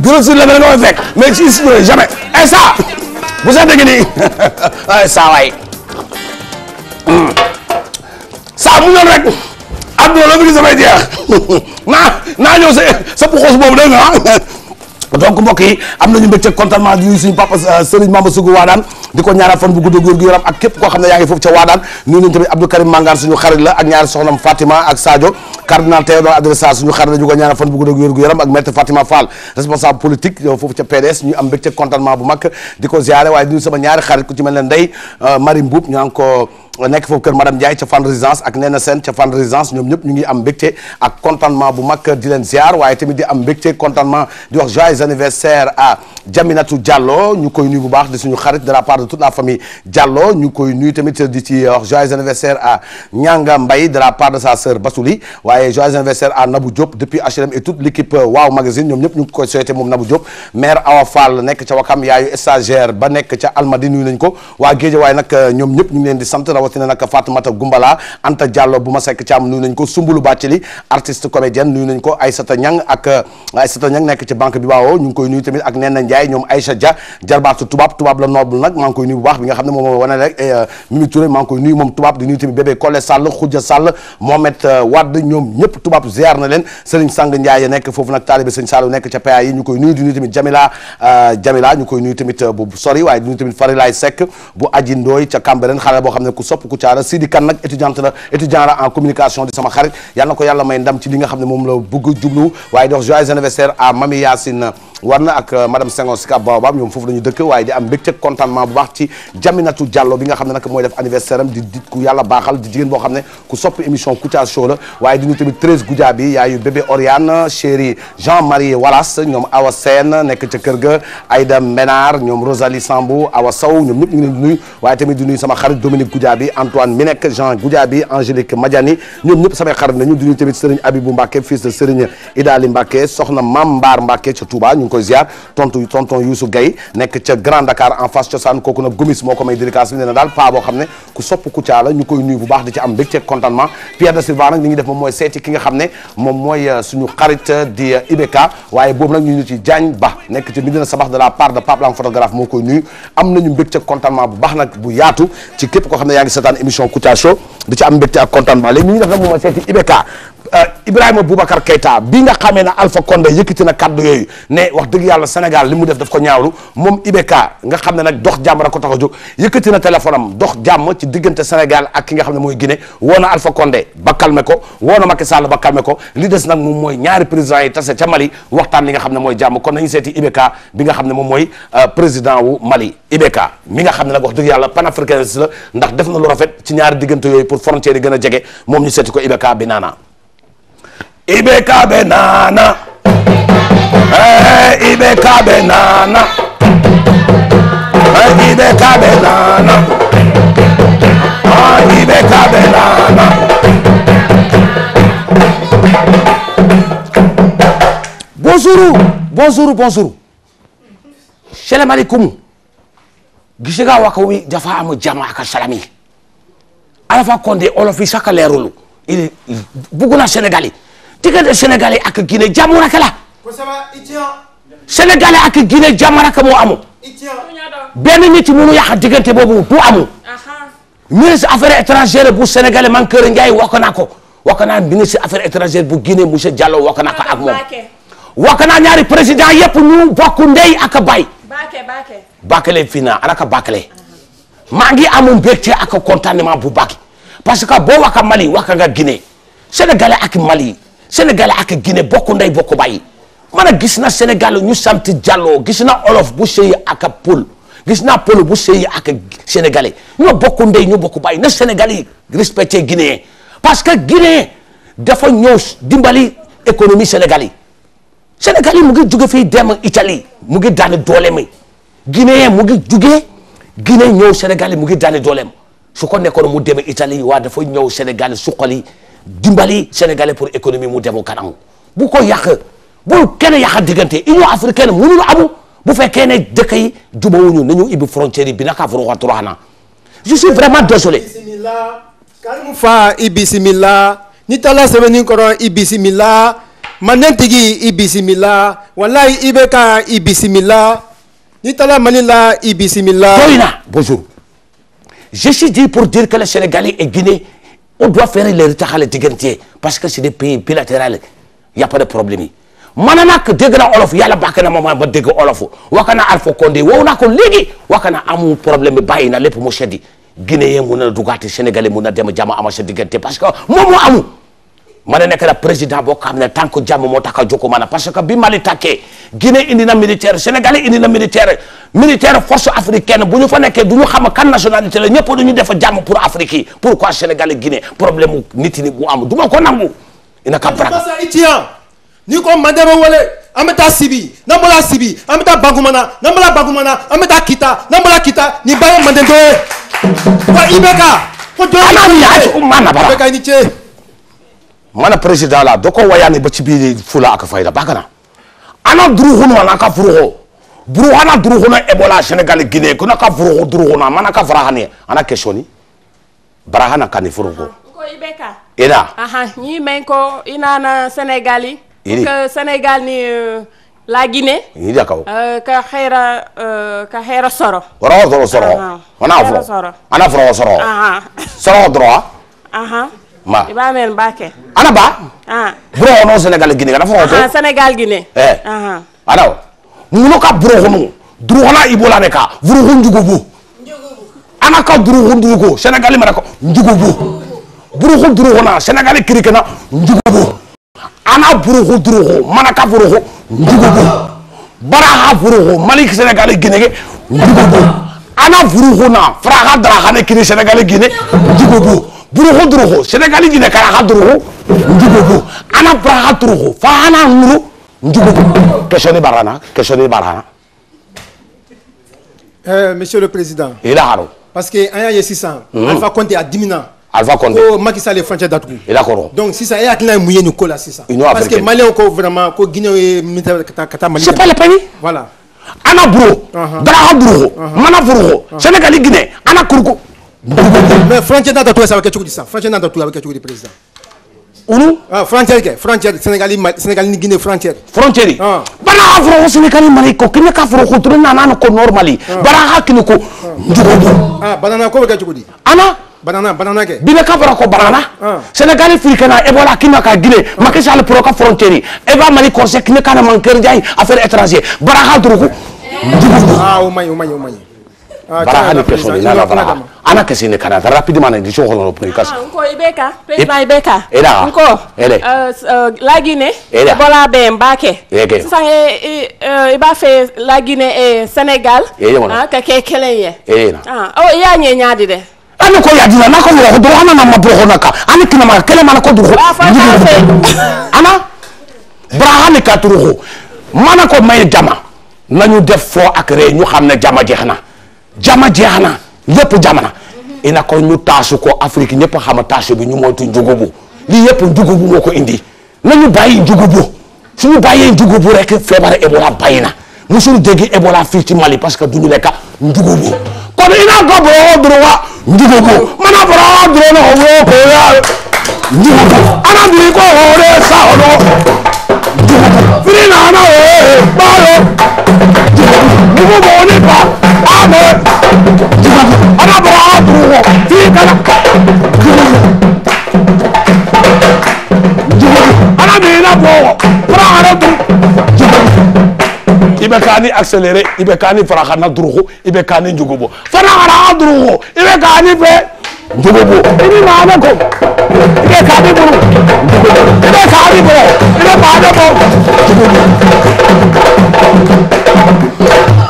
bureau sur le nga fekk mais si si jamais et ça bu sa dégg nii saa waay saa mu ñor rek Abdou la fi samay jeex naa naa ñëw sa sa puxus boobu dégg nga donc mbokk yi am nañu mbégte contentement di nuyu suñu papa euh, Serigne Mamba Sougou Waadaan di ko ñaanal fan bu gu yaram képp koo xam ne yaa ngi foofu ca Waadaan nuyu nañu tamit ñu ko ñaanal fan bu gudd góor gu yaram ak maître Fatima Fall responsable politique euh, foofu ca PDS ñu am mbégte contentement bu mag di ko ziare waaye di nuyu sama ñaari xarit ku ci mel ne Ndeye euh, ñu naan ko nekk foofu kër madame Ndiaye ca fan résidence ak Nena Sène ca fan résidence ñoom ñëpp ñu ngi am mbégte ak contentement bu mag di leen ziar waaye tamit di am mbégte contentement di wax joyeux anniversaire à Jaminatou Diallo ñu koy nuyu bu baax di suñu xarit de la part de toute la famille Diallo ñu koy nuy tamit di ci wax joyeux anniversaire à Nyanga Mbaye de part de sa sœur Basouli waaye joyeux anniversaire à Nabou Diop depuis HLM et toute l'équipe euh, Waaw Magazine ñoom ñëpp ñu ngi koy souhaité moom Nabou Diop maire Awa Fall ba nekk ca Almadi nuyu nañ ko waa Guédiawaye nag euh, ñoom ñëpp ñu leen di sant rawatina nag Fatoumata Goumbala Anta Diallo bu ma sekk Thiam nuyu tubaab tubaab la noble nag maa ngi koy nuyu bu baax bi nga xam ne moom moo wane rek euh, Mimi Touré maa ngi koy nuyu moom tubaab di nuyu tamit bébé Collé Sall Khoudia Sall Mohamed euh, Wade ñoom ñëpp tubaab ziar na leen Serigne Sang Ndiaye nekk foofu nag taalibe Serigne Sallou nekk ca PA ñu koy nuyu di nuyu tamit Jamila euh, ñu koy nuyu tamit bu sori waaye di nuyu tamit Farilaay Seck bu aji ndooy ca Cambérène sopp Koutiara Sidi Kane nag étudiante la étudiant la en communication di sama xarit yal na ko yàlla may ndam ci li nga ne moom la bëgg jublu waaye di wax joyeux anniversaire à Mami Yacine war na ak euh, madame Senghor Sicap Baobab ñoom foofu la ñu dëkk waaye di am mbégte contentement bu baax ci Jaminatu Diallo bi nga xam ne nag mooy def anniversaire am di di ku yàlla baaxal di jigéen boo xam ne ku sopp émission Kouthia Show la waaye di ñu tamit Thérèse Goudiaby yaayu bébé Oriane chéri Jean-Marie Walas ñoom Awa Sène nekk ca kër ga Aïda Ménard ñoom Rosalie Sambou Awa Sow ñoom ñëpp ñu ngi leen di nuyu waaye tamit di nuyu sama xarit Dominique Goudiaby Antoine Minek Jean Goudiaby Angélique Madiani ñoom ñëpp samay xarit nañu di nuyu tamit Serigne Abibou Mbacké fils de Serigne Idali Mbacké soxna Mam Mbaar Mbacké ca Touba ngi koy def moom mooy seeti ki nga xam ne moom mooy euh, suñu xarit euh, di euh, Ibeka waaye boobu nag ñu ñu ci def nag moom mooy seeti Ibeka Euh, Ibrahima Boubacar Keita bi nga xamee ne Alpha Condé yëkkati na kaddu yooyu ne wax dëgg yàlla Sénégal li mu def def ko ñaawlu moom IBK nga xam ne nag dox jàmm rek ko tax a yëkkati na téléphone dox jàmm ci diggante Sénégal ak ki nga xam ne mooy Guinée woo na Alpha Condé ba calmé ko woo na Macky Sall ba calmé ko li des nag moom mooy ñaari président yi tase ca Mali waxtaan li nga xam ne mooy jàmm kon nañu seeti IBK bi nga xam ne moom mooy euh, président wu Mali IBK mi nga xam ne nag wax dëgg yàlla panafricaniste la ndax def na lu rafet ci ñaari diggante yooyu pour frontière yi a jege moom ñu seeti ko bi naanaa ibe ka benana eh ibe ka benana eh ibe ka benana ah ibe ka benana bonjour bonjour bonjour Salam alaikum leerulu il buguna Sénégal diggante Sénégalais ak Guinée jàmm rek la Sénégalais ak Guinée jàmm rek moo amul benn nit mënu yàq diggante boobu du amul ministre affaires étrangères bu Sénégalais man Kër Ndiaye wax na ko wax naa ministre affaires étrangères bu Guinée monsieur Diallo wax na ko ak moom wax naa ñaari président yëpp ñu bokk ndey ak bay Bakele fii naa ana ka Bakele maa ngi amoon mbégte bu bàkki parce que boo wax Mali wax nga Guinée Sénégalais ak Mali. Sénégal ak Guinée bokku ndey bokk bàyyi man a gis na Sénégal ñu sant Diallo gis na olof bu sëy ak pël gis naa pël bu sëy ak sénégalais ñoo bokk ndey ñoo bokk bayi na Sénégal yi respecté Guinéen parce que Guinée dafa ñëw dimbali économie Sénégal yi mu ngi jóge fii dem Italie mu ngi daane dooleem mi Guinée mu ngi jóge Guinée ñëw Sénégal mu ngi daane doole su ko nekkoon mu dem Italie waa dafa ñëw Sénégal suqali dimbali sénégalais pour économie mu demu kanam bu ko yàq bul kenn yàq diggante union africaine mënul amu bu fekkee ne dëkk yi jubawuñu nañu ibbi frontière yi bi naka foroxaturaana je suis vraiment désolé bisimilla karim fa i bisimilla ni tala sɛbɛnni kɔrɔ i bisimilla manɛntigi i bisimilla walayi i bɛ ka i bisimilla ni tala mali i bisimilla joyina bonjour je pour dire que le et guinée on doit faire les diggante parce que c'est des pays bilatéraux y a pas de problème mana nag dégg naa olof yàlla bàkk na ma ma ma dégg olofu waka na Alpha Condé wow naa ko léegi waka na amul problème bàyyi na lépp mu seddi Guinéen mun na dugaate Sénégalais mun na dem jàmm ama sa diggante parce que moom moo ma ne nekk la président boo xam ne tant que jàmm moo tax a jokkoo maanaam parce que bi Mali tàkkee Guinée indi na militaire Sénégal indi na militaire militaire force africaine bu ñu fa nekkee du ñu xam kan nationalité la ñëpp du ñu def jàmm pour Afrique yi pourquoi Sénégal et problème mu nit ñi am du ma ko nangu. ina ka braga ni ko mandero wale an bɛ sibi n'an bɔra sibi an bɛ taa bagumana n'an bɔra bagumana an bɛ taa kita n'an bɔra kita nin bɛɛ ye manden ko i mana président la doko wayani ba ci bi fula aka fayda bakana ana duruhunu ana ka furuho buruhana duruhunu ebola senegal guinée kuna ka furuho duruhuna mana ka farahani ana kessioni barahana kani furuho ko ibeka ina aha ni menko ina na senegali ko senegal ni uh, la guinée ni dakaw uh, ka khaira uh, ka khaira soro wara soro soro -huh. ana fro ana fro soro aha soro droit aha ma i b'a mɛn n b'a kɛ ana ba ah. buro kɔnɔ sénégal guinée kana fɔ ka to ah, sénégal guinée ɛɛ eh. anaw munu ka buro kɔnɔ durukɔnɔ i b'o ka furuku njugubu ana ka duruku nduruku sénégal mara ko njugubu buruku durukɔnɔ sénégal kirikɛna njugubu ana buruku duruku manaka buruku njugubu baraha furuku mali sénégal guinée njugubu ana furuku na faraka daraka sénégal guinée njugubu. duruxu duruxu sénégali jine karaxa duruxu njugugu ana praxa duruxu fa ana nuru njugugu question ni barana question barana euh, monsieur le président i laxaro parce que an y'a ye sisan mm. alpha conté a dimina Alpha Condé ko Macky Sall les frontières datugu i donc sisan e hakilina ye mun ko la sisan parce que malien ko ko guinéen ye militaire ka taa ka pas le pays voilà ana buruxu daraxa uh-huh. buruxu uh-huh. mana buruxu uh-huh. sénégali guinée ana frontiére natatuwesa wakechukudisa frontiére natatuwa wakechukudi président olu ah, frontiére ke frontiére sénégali sénégali ni guinée frontiére frontiére ah. a fɔra ko sénégali mali ko kene ka fɔra ko toro nana ni ko normali ah. ah, banana ko bɛ kɛ cogo di ana banana banana kɛ bine ka fɔra ko banana sénégali firikana e bɔra kina ka guinée ah. makisi ali ka frontière e b'a mali conseil kine kana man kerjayi affaire étranger bara ha doro ko jogodo ah, o maɲi o bara hani persone ina lavraha ana kesine kanata rapidement di shogo no pri kas nko ibeka president ibeka era nko ele uh, uh, la Guinée bola be mbake sisa e eh, eh, uh, iba fe la Guinée e eh, Sénégal ka ah, ke kelen ye ah o oh, ya nyenya de ana ko ya dina na ko ko do ana na mabro ko naka ana kina ma kele mana ko do ana bara hani ka turu mana ko may jama nañu def fo ak re ñu xam ne jama jeex na jama jeex na lépp jam na ina ko ñu taasu ko Afrique ñëpp xama taasu bi ñu moytu njugubu lii yëpp njugubu moo ko indi nañu bàyyi njugubu suñu bàyyee njugubu rek feebar Ebola bàyyi na musul dégg Ebola fii ci Mali parce que duñu lekka njugubu kon ina ko boro droit njugubu mana boro droit no ko njugubu ana bi ko hore sa ono bɛ k'a ni accéléré i bɛ k'a ni farakana duruku i bɛ k'a ni jogobo farakana duruku i bɛ k'a ni fɛ jogobo i ni maa bɛ ko i bɛ k'a ni buru i bɛ k'a ni bɔ i bɛ maa bɛ bɔ jogobo.